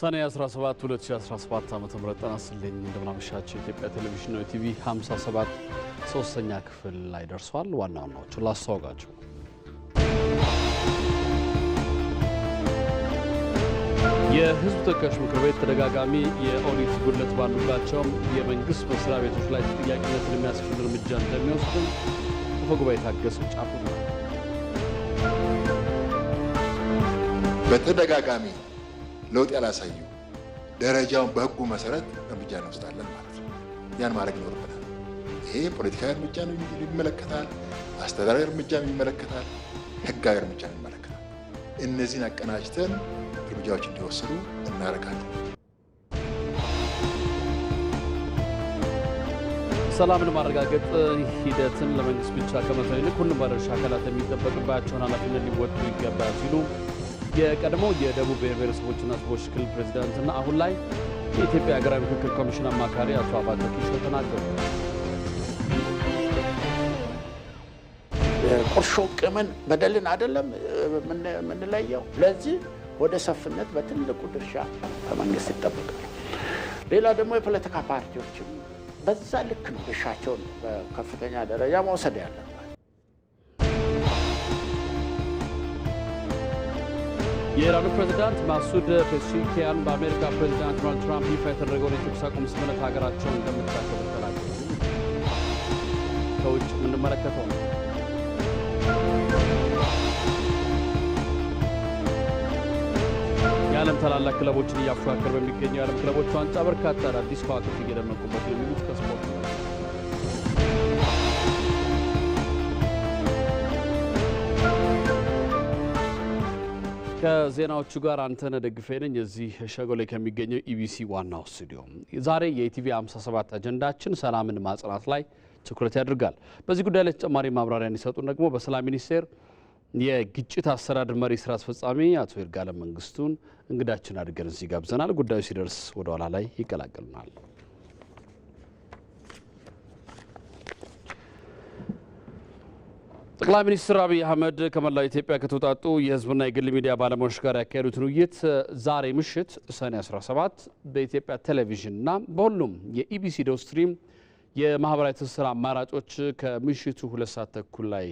ሰኔ 17 2017 ዓ.ም ጤና ይስጥልኝ እንደምናመሻችሁ። የኢትዮጵያ ቴሌቪዥን ነው ቲቪ 57 ሶስተኛ ክፍል ላይ ደርሷል። ዋና ዋናዎቹን ላስተዋውቃችሁ። የህዝብ ተወካዮች ምክር ቤት ተደጋጋሚ የኦዲት ጉድለት ባሉባቸውም የመንግሥት መስሪያ ቤቶች ላይ ተጠያቂነትን የሚያስችል እርምጃ እንደሚወስድ አፈ ጉባኤ ታገሰ ጫፉ ነው በተደጋጋሚ ለውጥ ያላሳዩ ደረጃውን በህጉ መሰረት እርምጃ እንወስዳለን ማለት ነው። ያን ማድረግ ይኖርብናል። ይሄ ፖለቲካዊ እርምጃ ይመለከታል፣ አስተዳደራዊ እርምጃ ይመለከታል፣ ህጋዊ እርምጃ ይመለከታል። እነዚህን አቀናጅተን እርምጃዎች እንዲወስዱ እናደርጋለን። ሰላምን ማረጋገጥ ሂደትን ለመንግስት ብቻ ከመተው ይልቅ ሁሉም ባለድርሻ አካላት የሚጠበቅባቸውን ኃላፊነት ሊወጡ ይገባል ሲሉ የቀድሞ የደቡብ ብሔረሰቦችና ሕዝቦች ክልል ፕሬዚዳንትና አሁን ላይ የኢትዮጵያ ሀገራዊ ምክክር ኮሚሽን አማካሪ አቶ አባተ ኪሾ ተናገሩ። ቁርሾ ቅምን በደልን አይደለም የምንለየው። ለዚህ ወደ ሰፍነት በትልቁ ድርሻ በመንግስት ይጠበቃል። ሌላ ደግሞ የፖለቲካ ፓርቲዎችም በዛ ልክ ነው ድርሻቸውን በከፍተኛ ደረጃ መውሰድ ያለ የኢራኑ ፕሬዝዳንት ማሱድ ፔሽኪያን በአሜሪካ ፕሬዚዳንት ዶናልድ ትራምፕ ይፋ የተደረገውን የተኩስ አቁም ስምምነት ሀገራቸውን እንደምትታከብ ተናገሩ። ከውጭ የምንመለከተው ነው። የዓለም ታላላቅ ክለቦችን እያፎካከር በሚገኘው የዓለም ክለቦች ዋንጫ በርካታ አዳዲስ ከዋክብት እየደመቁበት የሚሉት ከስፖርት ነው። ከዜናዎቹ ጋር አንተ ደግፌ ነኝ እዚህ ሸጎሌ ከሚገኘው ኢቢሲ ዋናው ስቱዲዮ። ዛሬ የኢቲቪ 57 አጀንዳችን ሰላምን ማጽናት ላይ ትኩረት ያደርጋል። በዚህ ጉዳይ ላይ ተጨማሪ ማብራሪያ እንዲሰጡን ደግሞ በሰላም ሚኒስቴር የግጭት አሰራር መሪ ስራ አስፈጻሚ አቶ ይርጋለም መንግስቱን እንግዳችን አድርገን እዚህ ጋብዘናል። ጉዳዩ ሲደርስ ወደ ኋላ ላይ ይቀላቀሉናል። ጠቅላይ ሚኒስትር አብይ አህመድ ከመላው ኢትዮጵያ ከተውጣጡ የህዝብና የግል ሚዲያ ባለሙያዎች ጋር ያካሄዱትን ውይይት ዛሬ ምሽት ሰኔ 17 በኢትዮጵያ ቴሌቪዥንና በሁሉም የኢቢሲ ዶው ስትሪም የማህበራዊ ትስስር አማራጮች ከምሽቱ ሁለት ሰዓት ተኩል ላይ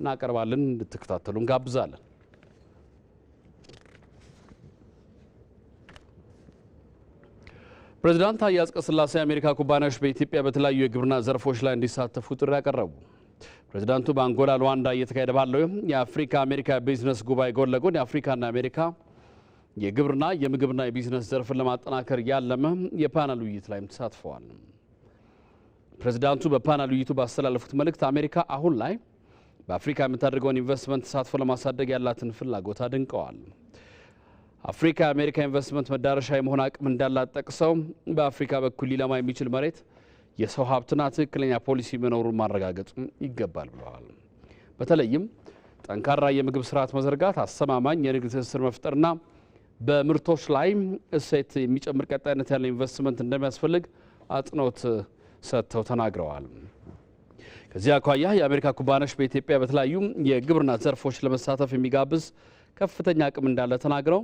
እናቀርባለን። እንድትከታተሉ እንጋብዛለን። ፕሬዚዳንት ታዬ አጽቀሥላሴ የአሜሪካ ኩባንያዎች በኢትዮጵያ በተለያዩ የግብርና ዘርፎች ላይ እንዲሳተፉ ጥሪ አቀረቡ። ፕሬዚዳንቱ በአንጎላ ሉዋንዳ እየተካሄደ ባለው የአፍሪካ አሜሪካ ቢዝነስ ጉባኤ ጎን ለጎን የአፍሪካና አሜሪካ የግብርና የምግብና የቢዝነስ ዘርፍን ለማጠናከር ያለመ የፓናል ውይይት ላይም ተሳትፈዋል። ፕሬዚዳንቱ በፓናል ውይይቱ ባስተላለፉት መልእክት አሜሪካ አሁን ላይ በአፍሪካ የምታደርገውን ኢንቨስትመንት ተሳትፎ ለማሳደግ ያላትን ፍላጎት አድንቀዋል። አፍሪካ የአሜሪካ ኢንቨስትመንት መዳረሻ የመሆን አቅም እንዳላት ጠቅሰው በአፍሪካ በኩል ሊለማ የሚችል መሬት የሰው ሀብትና ትክክለኛ ፖሊሲ መኖሩን ማረጋገጥ ይገባል ብለዋል። በተለይም ጠንካራ የምግብ ስርዓት መዘርጋት፣ አስተማማኝ የንግድ ትስስር መፍጠርና በምርቶች ላይ እሴት የሚጨምር ቀጣይነት ያለው ኢንቨስትመንት እንደሚያስፈልግ አጽንኦት ሰጥተው ተናግረዋል። ከዚህ አኳያ የአሜሪካ ኩባንያዎች በኢትዮጵያ በተለያዩ የግብርና ዘርፎች ለመሳተፍ የሚጋብዝ ከፍተኛ አቅም እንዳለ ተናግረው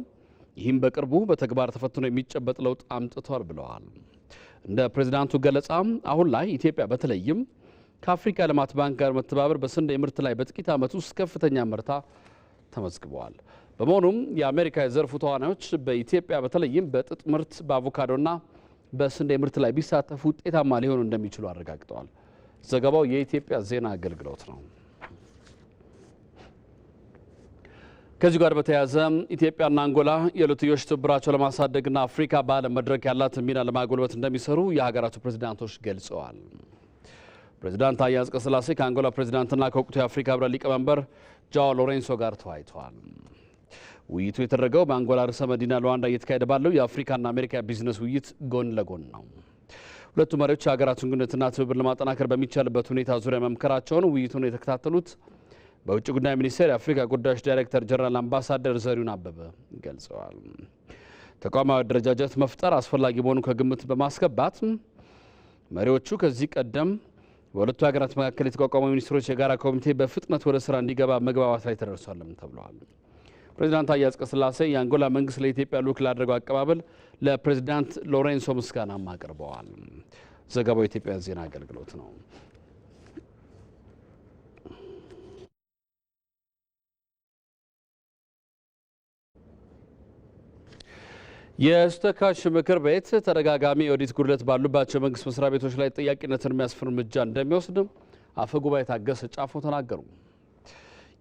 ይህም በቅርቡ በተግባር ተፈትኖ የሚጨበጥ ለውጥ አምጥቷል ብለዋል። እንደ ፕሬዚዳንቱ ገለጻ አሁን ላይ ኢትዮጵያ በተለይም ከአፍሪካ ልማት ባንክ ጋር መተባበር በስንዴ ምርት ላይ በጥቂት ዓመት ውስጥ ከፍተኛ ምርታ ተመዝግበዋል። በመሆኑም የአሜሪካ የዘርፉ ተዋናዮች በኢትዮጵያ በተለይም በጥጥ ምርት በአቮካዶና በስንዴ ምርት ላይ ቢሳተፉ ውጤታማ ሊሆኑ እንደሚችሉ አረጋግጠዋል። ዘገባው የኢትዮጵያ ዜና አገልግሎት ነው። ከዚህ ጋር በተያያዘ ኢትዮጵያና አንጎላ የሁለትዮሽ ትብብራቸው ለማሳደግና አፍሪካ በዓለም መድረክ ያላትን ሚና ለማጎልበት እንደሚሰሩ የሀገራቱ ፕሬዚዳንቶች ገልጸዋል። ፕሬዚዳንት ታዬ አጽቀሥላሴ ከአንጎላ ፕሬዚዳንትና ከወቅቱ የአፍሪካ ህብረት ሊቀመንበር ጃዋ ሎሬንሶ ጋር ተወያይተዋል። ውይይቱ የተደረገው በአንጎላ ርዕሰ መዲና ሉዋንዳ እየተካሄደ ባለው የአፍሪካና አሜሪካ ቢዝነስ ውይይት ጎን ለጎን ነው። ሁለቱ መሪዎች የሀገራቱን ግንኙነትና ትብብር ለማጠናከር በሚቻልበት ሁኔታ ዙሪያ መምከራቸውን ውይይቱን የተከታተሉት በውጭ ጉዳይ ሚኒስቴር የአፍሪካ ጉዳዮች ዳይሬክተር ጀነራል አምባሳደር ዘሪሁን አበበ ገልጸዋል። ተቋማዊ አደረጃጀት መፍጠር አስፈላጊ መሆኑ ከግምት በማስገባት መሪዎቹ ከዚህ ቀደም በሁለቱ ሀገራት መካከል የተቋቋመ ሚኒስትሮች የጋራ ኮሚቴ በፍጥነት ወደ ስራ እንዲገባ መግባባት ላይ ተደርሷልም ተብለዋል። ፕሬዚዳንት ታዬ አጽቀሥላሴ የአንጎላ መንግስት ለኢትዮጵያ ልዑክ ላደረገው አቀባበል ለፕሬዚዳንት ሎሬንሶ ምስጋናም አቅርበዋል። ዘገባው የኢትዮጵያ ዜና አገልግሎት ነው። የስተካሽ ምክር ቤት ተደጋጋሚ የኦዲት ጉድለት ባሉባቸው የመንግስት መስሪያ ቤቶች ላይ ጥያቄነትን የሚያስፍር እርምጃ እንደሚወስድም አፈ ጉባኤ ታገሰ ጫፎ ተናገሩ።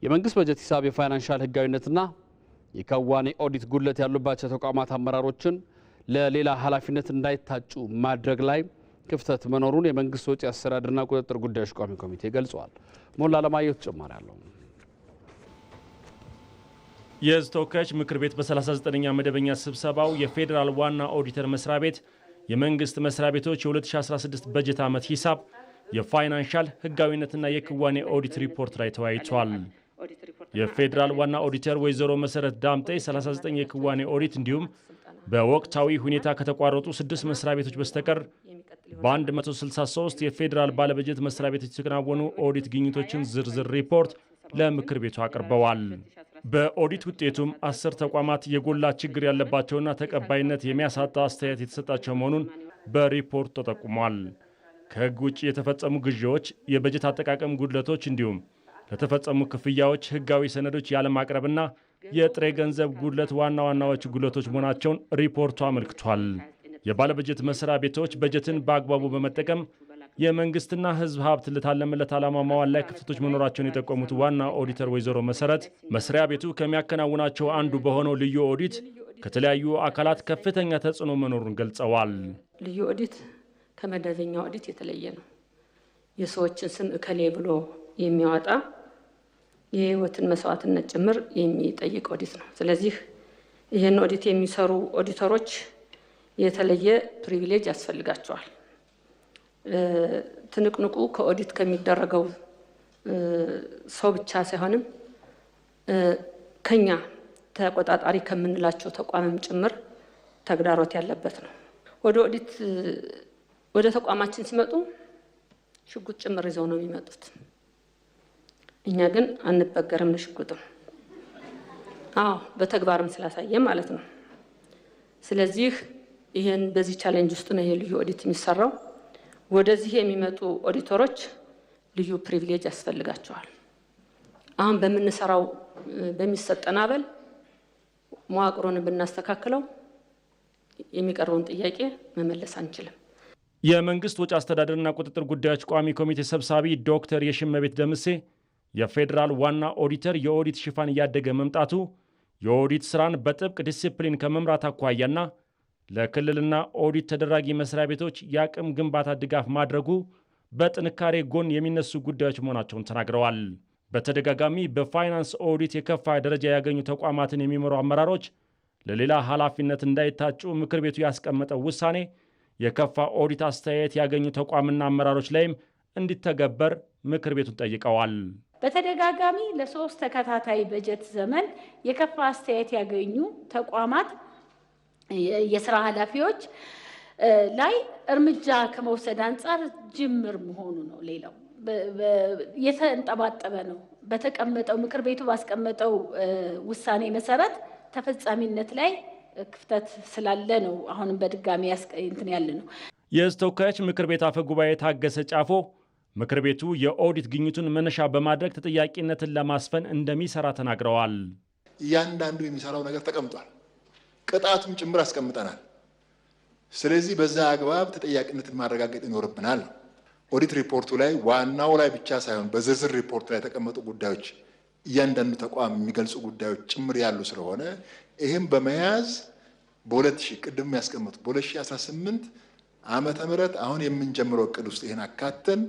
የመንግስት በጀት ሂሳብ የፋይናንሻል ህጋዊነትና የክዋኔ ኦዲት ጉድለት ያሉባቸው ተቋማት አመራሮችን ለሌላ ኃላፊነት እንዳይታጩ ማድረግ ላይ ክፍተት መኖሩን የመንግስት ወጪ አስተዳደርና ቁጥጥር ጉዳዮች ቋሚ ኮሚቴ ገልጿል። ሞላ ለማየሁ ተጨማሪ አለው። የህዝብ ተወካዮች ምክር ቤት በ39ኛ መደበኛ ስብሰባው የፌዴራል ዋና ኦዲተር መስሪያ ቤት የመንግሥት መስሪያ ቤቶች የ2016 በጀት ዓመት ሂሳብ የፋይናንሻል ሕጋዊነትና የክዋኔ ኦዲት ሪፖርት ላይ ተወያይቷል። የፌዴራል ዋና ኦዲተር ወይዘሮ መሰረት ዳምጤ 39 የክዋኔ ኦዲት እንዲሁም በወቅታዊ ሁኔታ ከተቋረጡ ስድስት መስሪያ ቤቶች በስተቀር በ163 የፌዴራል ባለበጀት መስሪያ ቤቶች የተከናወኑ ኦዲት ግኝቶችን ዝርዝር ሪፖርት ለምክር ቤቱ አቅርበዋል። በኦዲት ውጤቱም አስር ተቋማት የጎላ ችግር ያለባቸውና ተቀባይነት የሚያሳጣ አስተያየት የተሰጣቸው መሆኑን በሪፖርት ተጠቁሟል። ከህግ ውጭ የተፈጸሙ ግዢዎች፣ የበጀት አጠቃቀም ጉድለቶች እንዲሁም ለተፈጸሙ ክፍያዎች ህጋዊ ሰነዶች ያለማቅረብና የጥሬ ገንዘብ ጉድለት ዋና ዋናዎች ጉድለቶች መሆናቸውን ሪፖርቱ አመልክቷል። የባለበጀት መስሪያ ቤቶች በጀትን በአግባቡ በመጠቀም የመንግስትና ህዝብ ሀብት ለታለመለት ዓላማ ማዋል ላይ ክፍተቶች መኖራቸውን የጠቆሙት ዋና ኦዲተር ወይዘሮ መሰረት መስሪያ ቤቱ ከሚያከናውናቸው አንዱ በሆነው ልዩ ኦዲት ከተለያዩ አካላት ከፍተኛ ተጽዕኖ መኖሩን ገልጸዋል። ልዩ ኦዲት ከመደበኛ ኦዲት የተለየ ነው። የሰዎችን ስም እከሌ ብሎ የሚያወጣ የህይወትን መስዋዕትነት ጭምር የሚጠይቅ ኦዲት ነው። ስለዚህ ይህን ኦዲት የሚሰሩ ኦዲተሮች የተለየ ፕሪቪሌጅ ያስፈልጋቸዋል። ትንቅንቁ ከኦዲት ከሚደረገው ሰው ብቻ ሳይሆንም ከኛ ተቆጣጣሪ ከምንላቸው ተቋምም ጭምር ተግዳሮት ያለበት ነው። ወደ ኦዲት ወደ ተቋማችን ሲመጡ ሽጉጥ ጭምር ይዘው ነው የሚመጡት። እኛ ግን አንበገርም ለሽጉጥም። አዎ በተግባርም ስላሳየ ማለት ነው። ስለዚህ ይህን በዚህ ቻሌንጅ ውስጥ ነው ይሄ ልዩ ኦዲት የሚሰራው። ወደዚህ የሚመጡ ኦዲተሮች ልዩ ፕሪቪሌጅ ያስፈልጋቸዋል። አሁን በምንሰራው በሚሰጠን አበል መዋቅሩን ብናስተካክለው የሚቀርበውን ጥያቄ መመለስ አንችልም። የመንግስት ወጪ አስተዳደርና ቁጥጥር ጉዳዮች ቋሚ ኮሚቴ ሰብሳቢ ዶክተር የሽመቤት ደምሴ የፌዴራል ዋና ኦዲተር የኦዲት ሽፋን እያደገ መምጣቱ የኦዲት ስራን በጥብቅ ዲሲፕሊን ከመምራት አኳያና ለክልልና ኦዲት ተደራጊ መስሪያ ቤቶች የአቅም ግንባታ ድጋፍ ማድረጉ በጥንካሬ ጎን የሚነሱ ጉዳዮች መሆናቸውን ተናግረዋል። በተደጋጋሚ በፋይናንስ ኦዲት የከፋ ደረጃ ያገኙ ተቋማትን የሚመሩ አመራሮች ለሌላ ኃላፊነት እንዳይታጩ ምክር ቤቱ ያስቀመጠው ውሳኔ የከፋ ኦዲት አስተያየት ያገኙ ተቋምና አመራሮች ላይም እንዲተገበር ምክር ቤቱን ጠይቀዋል። በተደጋጋሚ ለሶስት ተከታታይ በጀት ዘመን የከፋ አስተያየት ያገኙ ተቋማት የስራ ኃላፊዎች ላይ እርምጃ ከመውሰድ አንጻር ጅምር መሆኑ ነው። ሌላው የተንጠባጠበ ነው። በተቀመጠው ምክር ቤቱ ባስቀመጠው ውሳኔ መሰረት ተፈጻሚነት ላይ ክፍተት ስላለ ነው። አሁንም በድጋሚ እንትን ያለ ነው። የሕዝብ ተወካዮች ምክር ቤት አፈ ጉባኤ ታገሰ ጫፎ ምክር ቤቱ የኦዲት ግኝቱን መነሻ በማድረግ ተጠያቂነትን ለማስፈን እንደሚሰራ ተናግረዋል። እያንዳንዱ የሚሰራው ነገር ተቀምጧል። ቅጣቱም ጭምር አስቀምጠናል። ስለዚህ በዛ አግባብ ተጠያቂነትን ማረጋገጥ ይኖርብናል። ኦዲት ሪፖርቱ ላይ ዋናው ላይ ብቻ ሳይሆን በዝርዝር ሪፖርቱ ላይ የተቀመጡ ጉዳዮች እያንዳንዱ ተቋም የሚገልጹ ጉዳዮች ጭምር ያሉ ስለሆነ ይህም በመያዝ በ2000 ቅድም ያስቀመጡ በ2018 ዓመተ ምህረት አሁን የምንጀምረው እቅድ ውስጥ ይህን አካተን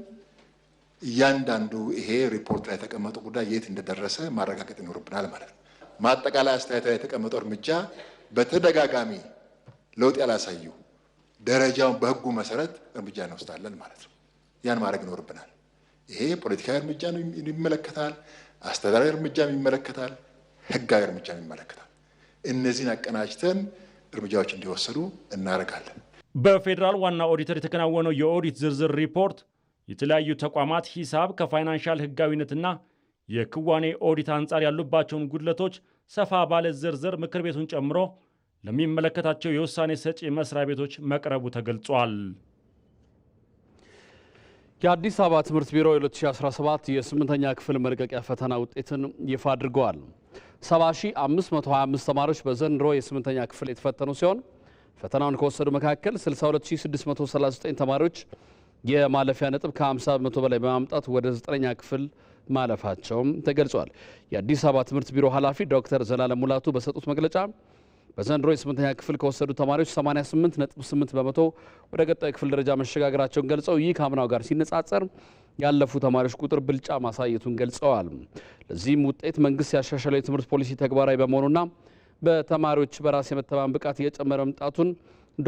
እያንዳንዱ ይሄ ሪፖርት ላይ የተቀመጠ ጉዳይ የት እንደደረሰ ማረጋገጥ ይኖርብናል ማለት ነው። ማጠቃላይ አስተያየት ላይ የተቀመጠው እርምጃ በተደጋጋሚ ለውጥ ያላሳዩ ደረጃውን በህጉ መሰረት እርምጃ እንወስዳለን ማለት ነው። ያን ማድረግ ይኖርብናል። ይሄ ፖለቲካዊ እርምጃ ይመለከታል፣ አስተዳደራዊ እርምጃ ይመለከታል፣ ህጋዊ እርምጃ ይመለከታል። እነዚህን አቀናጅተን እርምጃዎች እንዲወሰዱ እናደርጋለን። በፌዴራል ዋና ኦዲተር የተከናወነው የኦዲት ዝርዝር ሪፖርት የተለያዩ ተቋማት ሂሳብ ከፋይናንሻል ህጋዊነትና የክዋኔ ኦዲት አንጻር ያሉባቸውን ጉድለቶች ሰፋ ባለ ዝርዝር ምክር ቤቱን ጨምሮ ለሚመለከታቸው የውሳኔ ሰጪ መስሪያ ቤቶች መቅረቡ ተገልጿል። የአዲስ አበባ ትምህርት ቢሮ የ2017 የስምንተኛ ክፍል መልቀቂያ ፈተና ውጤትን ይፋ አድርገዋል። 70525 ተማሪዎች በዘንድሮ የስምንተኛ ክፍል የተፈተኑ ሲሆን ፈተናውን ከወሰዱ መካከል 62639 ተማሪዎች የማለፊያ ነጥብ ከ50 በመቶ በላይ በማምጣት ወደ 9ኛ ክፍል ማለፋቸውም ተገልጿል። የአዲስ አበባ ትምህርት ቢሮ ኃላፊ ዶክተር ዘላለም ሙላቱ በሰጡት መግለጫ በዘንድሮ የስምንተኛ ክፍል ከወሰዱ ተማሪዎች 88.8 በመቶ ወደ ቀጣይ ክፍል ደረጃ መሸጋገራቸውን ገልጸው ይህ ከአምናው ጋር ሲነጻጸር ያለፉ ተማሪዎች ቁጥር ብልጫ ማሳየቱን ገልጸዋል። ለዚህም ውጤት መንግስት ያሻሻለው የትምህርት ፖሊሲ ተግባራዊ በመሆኑና በተማሪዎች በራስ የመተማመን ብቃት እየጨመረ መምጣቱን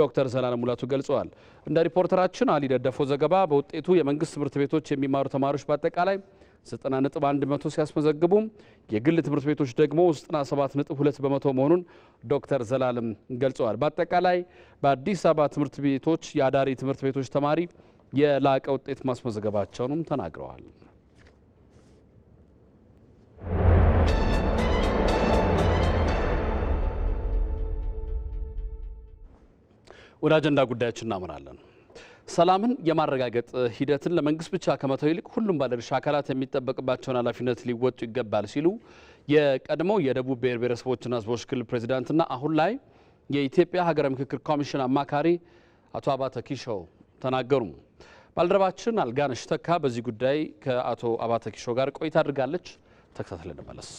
ዶክተር ዘላለም ሙላቱ ገልጸዋል። እንደ ሪፖርተራችን አሊ ደደፎ ዘገባ በውጤቱ የመንግስት ትምህርት ቤቶች የሚማሩ ተማሪዎች በአጠቃላይ 90 ነጥብ 1 በመቶ ሲያስመዘግቡም የግል ትምህርት ቤቶች ደግሞ 97 ነጥብ 2 በመቶ መሆኑን ዶክተር ዘላለም ገልጸዋል። በአጠቃላይ በአዲስ አበባ ትምህርት ቤቶች የአዳሪ ትምህርት ቤቶች ተማሪ የላቀ ውጤት ማስመዘገባቸውንም ተናግረዋል። ወደ አጀንዳ ጉዳያችን እናምራለን። ሰላምን የማረጋገጥ ሂደትን ለመንግስት ብቻ ከመተው ይልቅ ሁሉም ባለድርሻ አካላት የሚጠበቅባቸውን ኃላፊነት ሊወጡ ይገባል ሲሉ የቀድሞው የደቡብ ብሔር ብሔረሰቦችና ሕዝቦች ክልል ፕሬዚዳንትና አሁን ላይ የኢትዮጵያ ሀገራዊ ምክክር ኮሚሽን አማካሪ አቶ አባተ ኪሾ ተናገሩ። ባልደረባችን አልጋነሽ ተካ በዚህ ጉዳይ ከአቶ አባተ ኪሾ ጋር ቆይታ አድርጋለች። ተከታትለን እንመለስ።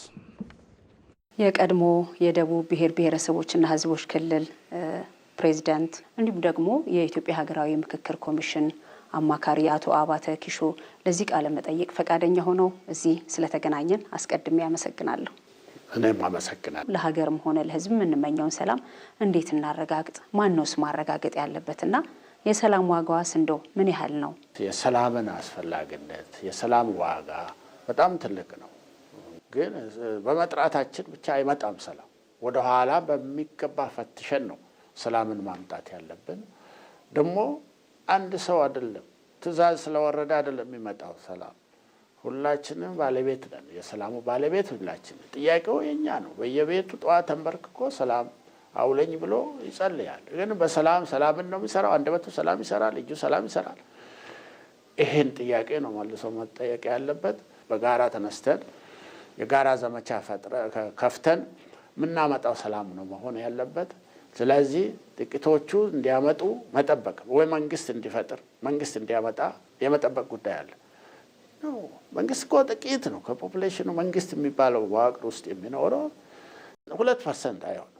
የቀድሞ የደቡብ ብሔር ብሔረሰቦችና ሕዝቦች ክልል ፕሬዚዳንት እንዲሁም ደግሞ የኢትዮጵያ ሀገራዊ ምክክር ኮሚሽን አማካሪ አቶ አባተ ኪሾ ለዚህ ቃለ መጠይቅ ፈቃደኛ ሆነው እዚህ ስለተገናኘን አስቀድሜ አመሰግናለሁ። እኔም አመሰግናለሁ። ለሀገርም ሆነ ለሕዝብ የምንመኘውን ሰላም እንዴት እናረጋግጥ? ማነውስ ማረጋገጥ ያለበትና የሰላም ዋጋዋስ እንደው ምን ያህል ነው? የሰላምን አስፈላጊነት የሰላም ዋጋ በጣም ትልቅ ነው። ግን በመጥራታችን ብቻ አይመጣም ሰላም። ወደኋላ በሚገባ ፈትሸን ነው ሰላምን ማምጣት ያለብን። ደግሞ አንድ ሰው አይደለም ትዕዛዝ ስለወረደ አይደለም የሚመጣው ሰላም። ሁላችንም ባለቤት ነን፣ የሰላሙ ባለቤት ሁላችን። ጥያቄው የኛ ነው። በየቤቱ ጠዋት ተንበርክኮ ሰላም አውለኝ ብሎ ይጸልያል። ግን በሰላም ሰላምን ነው የሚሰራው። አንደበቱ ሰላም ይሰራል፣ እጁ ሰላም ይሰራል። ይሄን ጥያቄ ነው መልሶ መጠየቅ ያለበት። በጋራ ተነስተን የጋራ ዘመቻ ከፍተን የምናመጣው ሰላም ነው መሆን ያለበት። ስለዚህ ጥቂቶቹ እንዲያመጡ መጠበቅ ወይ መንግስት እንዲፈጥር መንግስት እንዲያመጣ የመጠበቅ ጉዳይ አለ። መንግስት እኮ ጥቂት ነው ከፖፕሌሽኑ መንግስት የሚባለው መዋቅር ውስጥ የሚኖረው ሁለት ፐርሰንት አይሆንም።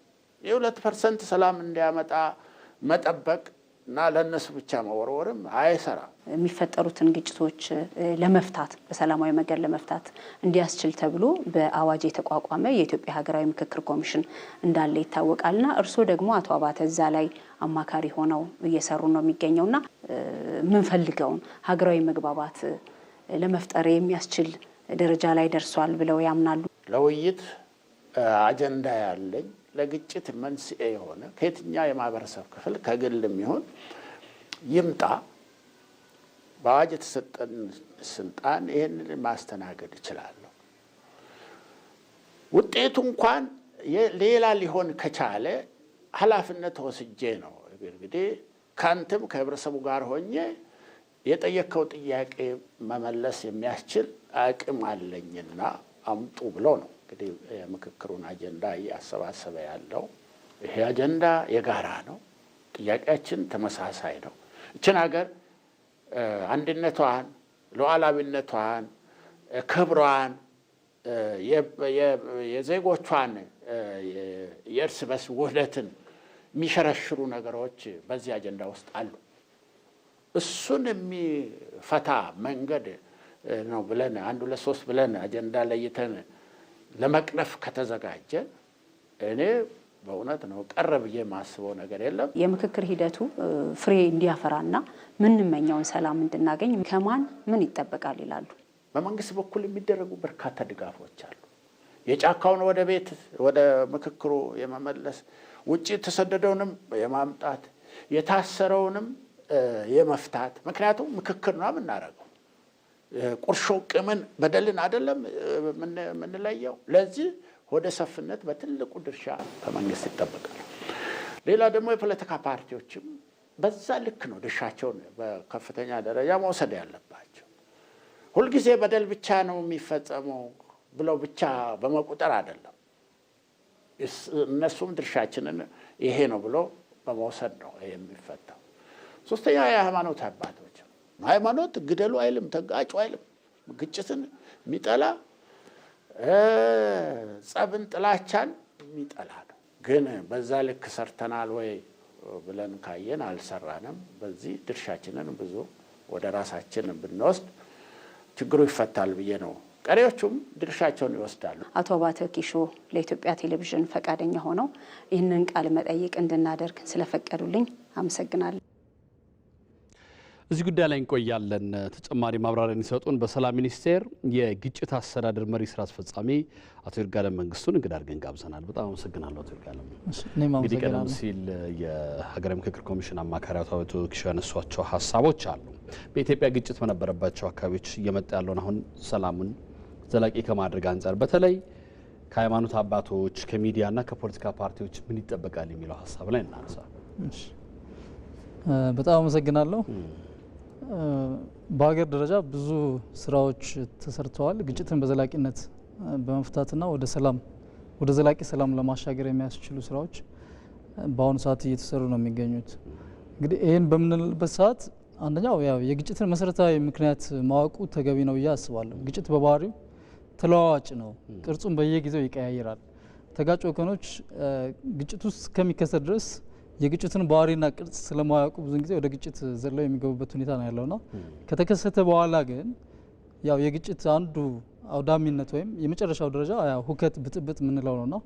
የሁለት ፐርሰንት ሰላም እንዲያመጣ መጠበቅ እና ለእነሱ ብቻ መወርወርም አይሰራም። የሚፈጠሩትን ግጭቶች ለመፍታት በሰላማዊ መንገድ ለመፍታት እንዲያስችል ተብሎ በአዋጅ የተቋቋመ የኢትዮጵያ ሀገራዊ ምክክር ኮሚሽን እንዳለ ና እርስዎ ደግሞ አቶ አባተ እዛ ላይ አማካሪ ሆነው እየሰሩ ነው ና የምንፈልገውን ሀገራዊ መግባባት ለመፍጠር የሚያስችል ደረጃ ላይ ደርሷል ብለው ያምናሉ? ለውይይት አጀንዳ ያለኝ ለግጭት መንስኤ የሆነ ከየትኛ የማህበረሰብ ክፍል ከግልም ይሁን ይምጣ በአዋጅ የተሰጠን ስልጣን ይህንን ማስተናገድ እችላለሁ። ውጤቱ እንኳን ሌላ ሊሆን ከቻለ ኃላፊነት ወስጄ ነው እንግዲህ ከአንተም ከህብረተሰቡ ጋር ሆኜ የጠየከው ጥያቄ መመለስ የሚያስችል አቅም አለኝና አምጡ ብሎ ነው። እንግዲህ የምክክሩን አጀንዳ እያሰባሰበ ያለው ይሄ አጀንዳ የጋራ ነው። ጥያቄያችን ተመሳሳይ ነው። እችን ሀገር አንድነቷን፣ ሉዓላዊነቷን፣ ክብሯን፣ የዜጎቿን የእርስ በርስ ውህደትን የሚሸረሽሩ ነገሮች በዚህ አጀንዳ ውስጥ አሉ። እሱን የሚፈታ መንገድ ነው ብለን አንድ ሁለት ሶስት ብለን አጀንዳ ለይተን ለመቅረፍ ከተዘጋጀ እኔ በእውነት ነው ቀረ ብዬ የማስበው ነገር የለም። የምክክር ሂደቱ ፍሬ እንዲያፈራና ምንመኛውን ሰላም እንድናገኝ ከማን ምን ይጠበቃል ይላሉ? በመንግስት በኩል የሚደረጉ በርካታ ድጋፎች አሉ። የጫካውን ወደ ቤት ወደ ምክክሩ የመመለስ ውጭ የተሰደደውንም የማምጣት የታሰረውንም የመፍታት ምክንያቱም ምክክር ነው የምናደርገው ቁርሾ ቅምን በደልን አይደለም የምንለየው። ለዚህ ወደ ሰፍነት በትልቁ ድርሻ ከመንግስት ይጠበቃል። ሌላ ደግሞ የፖለቲካ ፓርቲዎችም በዛ ልክ ነው ድርሻቸውን በከፍተኛ ደረጃ መውሰድ ያለባቸው። ሁልጊዜ በደል ብቻ ነው የሚፈጸመው ብለው ብቻ በመቁጠር አይደለም። እነሱም ድርሻችንን ይሄ ነው ብሎ በመውሰድ ነው ይሄ የሚፈታው። ሶስተኛ የሃይማኖት አባቶች ሃይማኖት ግደሉ አይልም፣ ተጋጩ አይልም። ግጭትን የሚጠላ ጸብን፣ ጥላቻን የሚጠላ ነው። ግን በዛ ልክ ሰርተናል ወይ ብለን ካየን አልሰራንም። በዚህ ድርሻችንን ብዙ ወደ ራሳችን ብንወስድ ችግሩ ይፈታል ብዬ ነው። ቀሪዎቹም ድርሻቸውን ይወስዳሉ። አቶ አባተ ኪሾ ለኢትዮጵያ ቴሌቪዥን ፈቃደኛ ሆነው ይህንን ቃለ መጠይቅ እንድናደርግ ስለፈቀዱልኝ አመሰግናለሁ። እዚህ ጉዳይ ላይ እንቆያለን። ተጨማሪ ማብራሪያ እንዲሰጡን በሰላም ሚኒስቴር የግጭት አስተዳደር መሪ ስራ አስፈጻሚ አቶ ይርጋለም መንግስቱን እንግዳ አድርገን ጋብዘናል። በጣም አመሰግናለሁ አቶ ይርጋለም። እንግዲህ ቀደም ሲል የሀገራዊ ምክክር ኮሚሽን አማካሪ አቶ ኪሾ ያነሷቸው ሀሳቦች አሉ። በኢትዮጵያ ግጭት በነበረባቸው አካባቢዎች እየመጣ ያለውን አሁን ሰላሙን ዘላቂ ከማድረግ አንጻር በተለይ ከሃይማኖት አባቶች ከሚዲያና ከፖለቲካ ፓርቲዎች ምን ይጠበቃል የሚለው ሀሳብ ላይ እናንሳ። በጣም አመሰግናለሁ። በሀገር ደረጃ ብዙ ስራዎች ተሰርተዋል። ግጭትን በዘላቂነት በመፍታትና ወደ ሰላም ወደ ዘላቂ ሰላም ለማሻገር የሚያስችሉ ስራዎች በአሁኑ ሰዓት እየተሰሩ ነው የሚገኙት። እንግዲህ ይህን በምንልበት ሰዓት አንደኛው ያው የግጭትን መሰረታዊ ምክንያት ማወቁ ተገቢ ነው ብዬ አስባለሁ። ግጭት በባህሪው ተለዋዋጭ ነው፣ ቅርጹም በየጊዜው ይቀያይራል። ተጋጭ ወገኖች ግጭት ውስጥ እስከሚከሰት ድረስ የግጭትን ባህሪና ቅርጽ ስለማያውቁ ብዙን ጊዜ ወደ ግጭት ዘለው የሚገቡበት ሁኔታ ነው ያለውና ከተከሰተ በኋላ ግን ያው የግጭት አንዱ አውዳሚነት ወይም የመጨረሻው ደረጃ ያው ሁከት፣ ብጥብጥ የምንለው ነውና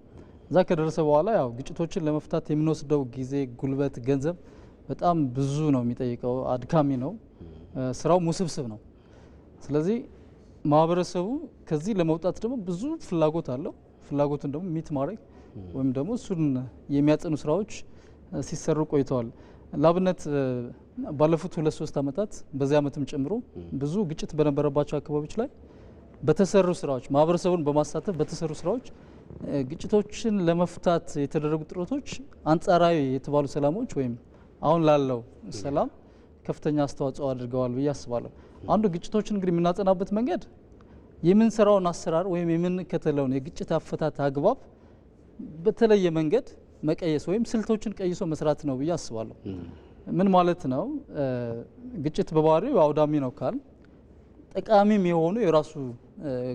እዛ ከደረሰ በኋላ ያው ግጭቶችን ለመፍታት የምንወስደው ጊዜ፣ ጉልበት፣ ገንዘብ በጣም ብዙ ነው የሚጠይቀው። አድካሚ ነው፣ ስራው ውስብስብ ነው። ስለዚህ ማህበረሰቡ ከዚህ ለመውጣት ደግሞ ብዙ ፍላጎት አለው። ፍላጎቱን ደግሞ ሚት ማድረግ ወይም ደግሞ እሱን የሚያጸኑ ስራዎች ሲሰሩ ቆይተዋል። ላብነት ባለፉት ሁለት ሶስት ዓመታት በዚህ ዓመትም ጨምሮ ብዙ ግጭት በነበረባቸው አካባቢዎች ላይ በተሰሩ ስራዎች ማህበረሰቡን በማሳተፍ በተሰሩ ስራዎች ግጭቶችን ለመፍታት የተደረጉ ጥረቶች አንጻራዊ የተባሉ ሰላሞች ወይም አሁን ላለው ሰላም ከፍተኛ አስተዋጽኦ አድርገዋል ብዬ አስባለሁ። አንዱ ግጭቶችን እንግዲህ የምናጠናበት መንገድ የምንሰራውን አሰራር ወይም የምንከተለውን የግጭት አፈታት አግባብ በተለየ መንገድ መቀየስ ወይም ስልቶችን ቀይሶ መስራት ነው ብዬ አስባለሁ። ምን ማለት ነው? ግጭት በባህሪው አውዳሚ ነው ካል ጠቃሚም የሆኑ የራሱ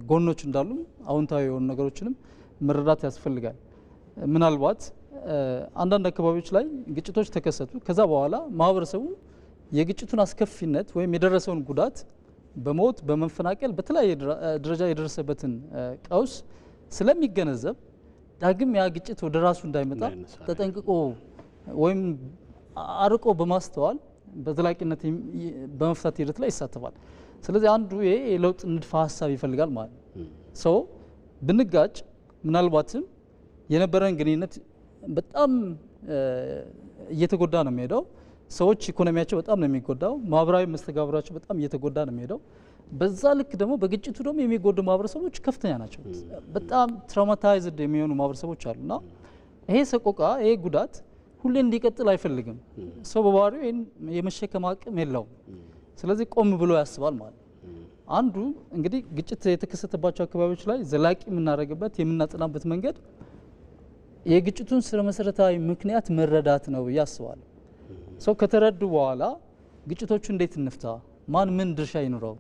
ጎኖች እንዳሉ አዎንታዊ የሆኑ ነገሮችንም መረዳት ያስፈልጋል። ምናልባት አንዳንድ አካባቢዎች ላይ ግጭቶች ተከሰቱ። ከዛ በኋላ ማህበረሰቡ የግጭቱን አስከፊነት ወይም የደረሰውን ጉዳት በሞት በመፈናቀል በተለያየ ደረጃ የደረሰበትን ቀውስ ስለሚገነዘብ ዳግም ያ ግጭት ወደ ራሱ እንዳይመጣ ተጠንቅቆ ወይም አርቆ በማስተዋል በዘላቂነት በመፍታት ሂደት ላይ ይሳተፋል። ስለዚህ አንዱ ይሄ የለውጥ ንድፈ ሀሳብ ይፈልጋል ማለት ነው። ሰው ብንጋጭ ምናልባትም የነበረን ግንኙነት በጣም እየተጎዳ ነው የሚሄደው። ሰዎች ኢኮኖሚያቸው በጣም ነው የሚጎዳው። ማህበራዊ መስተጋብራቸው በጣም እየተጎዳ ነው የሚሄደው። በዛ ልክ ደግሞ በግጭቱ ደግሞ የሚጎዱ ማህበረሰቦች ከፍተኛ ናቸው። በጣም ትራውማታይዝድ የሚሆኑ ማህበረሰቦች እና ይሄ ሰቆቃ ይሄ ጉዳት ሁሌ እንዲቀጥል አይፈልግም። ሰው በባህሪው ይህን የመሸከም አቅም የለውም። ስለዚህ ቆም ብሎ ያስባል ማለት ነው። አንዱ እንግዲህ ግጭት የተከሰተባቸው አካባቢዎች ላይ ዘላቂ የምናደርግበት የምናጠናበት መንገድ የግጭቱን ስረ መሰረታዊ ምክንያት መረዳት ነው ብዬ አስባለሁ። ሰው ከተረዱ በኋላ ግጭቶቹ እንዴት እንፍታ፣ ማን ምን ድርሻ ይኑረው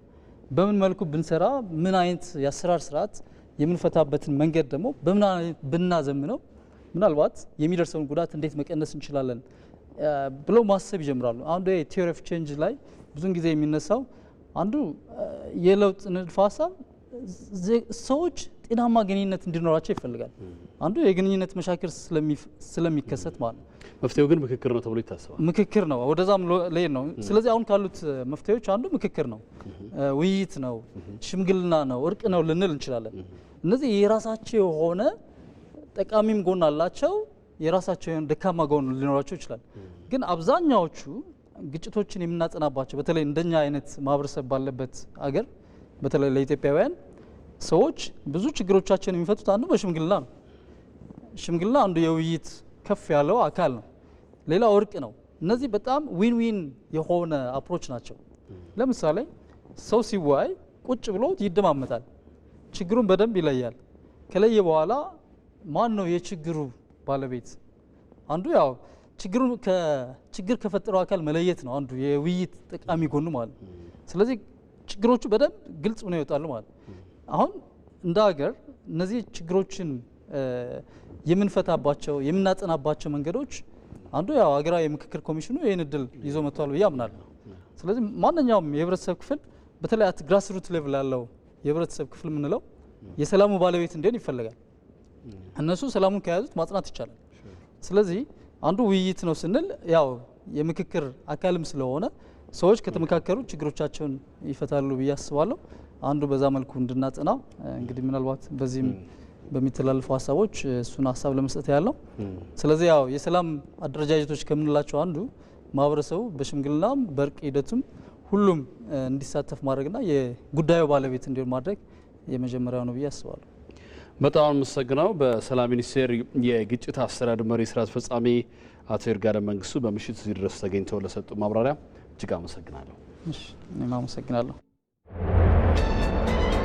በምን መልኩ ብንሰራ ምን አይነት የአሰራር ስርዓት የምንፈታበትን መንገድ ደግሞ በምን አይነት ብናዘምነው ምናልባት የሚደርሰውን ጉዳት እንዴት መቀነስ እንችላለን ብለው ማሰብ ይጀምራሉ። አንዱ ቲዮሪ ኦፍ ቼንጅ ላይ ብዙን ጊዜ የሚነሳው አንዱ የለውጥ ንድፈ ሀሳብ ሰዎች ጤናማ ግንኙነት እንዲኖራቸው ይፈልጋል። አንዱ የግንኙነት መሻክር ስለሚከሰት ማለት ነው። መፍትሄው ግን ምክክር ነው ተብሎ ይታሰባል። ምክክር ነው፣ ወደዛም ልሄድ ነው። ስለዚህ አሁን ካሉት መፍትሄዎች አንዱ ምክክር ነው፣ ውይይት ነው፣ ሽምግልና ነው፣ እርቅ ነው ልንል እንችላለን። እነዚህ የራሳቸው የሆነ ጠቃሚም ጎን አላቸው፣ የራሳቸው የሆነ ደካማ ጎን ሊኖራቸው ይችላል። ግን አብዛኛዎቹ ግጭቶችን የምናጠናባቸው በተለይ እንደኛ አይነት ማህበረሰብ ባለበት አገር በተለይ ለኢትዮጵያውያን ሰዎች ብዙ ችግሮቻችን የሚፈቱት አንዱ በሽምግልና ነው። ሽምግልና አንዱ የውይይት ከፍ ያለው አካል ነው። ሌላ እርቅ ነው። እነዚህ በጣም ዊን ዊን የሆነ አፕሮች ናቸው። ለምሳሌ ሰው ሲወያይ ቁጭ ብሎ ይደማመጣል፣ ችግሩን በደንብ ይለያል። ከለየ በኋላ ማን ነው የችግሩ ባለቤት? አንዱ ያው ችግሩን ከችግር ከፈጠረው አካል መለየት ነው አንዱ የውይይት ጠቃሚ ጎኑ ማለት ነው። ስለዚህ ችግሮቹ በደንብ ግልጽ ሆነው ይወጣሉ ማለት አሁን እንደ ሀገር እነዚህ ችግሮችን የምንፈታባቸው የምናጠናባቸው መንገዶች አንዱ ያው ሀገራዊ የምክክር ኮሚሽኑ ይህን እድል ይዞ መጥቷል ብዬ አምናለሁ። ስለዚህ ማንኛውም የህብረተሰብ ክፍል በተለይ አት ግራስ ሩት ሌቭል ያለው የህብረተሰብ ክፍል የምንለው የሰላሙ ባለቤት እንዲሆን ይፈልጋል? እነሱ ሰላሙን ከያዙት ማጽናት ይቻላል። ስለዚህ አንዱ ውይይት ነው ስንል ያው የምክክር አካልም ስለሆነ ሰዎች ከተመካከሩ ችግሮቻቸውን ይፈታሉ ብዬ አስባለሁ። አንዱ በዛ መልኩ እንድናጠናው እንግዲህ ምናልባት በዚህም በሚተላለፉ ሀሳቦች እሱን ሀሳብ ለመስጠት ያለው። ስለዚህ ያው የሰላም አደረጃጀቶች ከምንላቸው አንዱ ማህበረሰቡ በሽምግልናም በእርቅ ሂደቱም ሁሉም እንዲሳተፍ ማድረግና የጉዳዩ ባለቤት እንዲሆን ማድረግ የመጀመሪያው ነው ብዬ አስባለሁ። በጣም አመሰግናው። በሰላም ሚኒስቴር የግጭት አሰራር መሪ ስራ አስፈጻሚ አቶ ይርጋደ መንግስቱ በምሽት እዚህ ድረስ ተገኝተው ለሰጡ ማብራሪያ እጅግ አመሰግናለሁ። እኔም አመሰግናለሁ።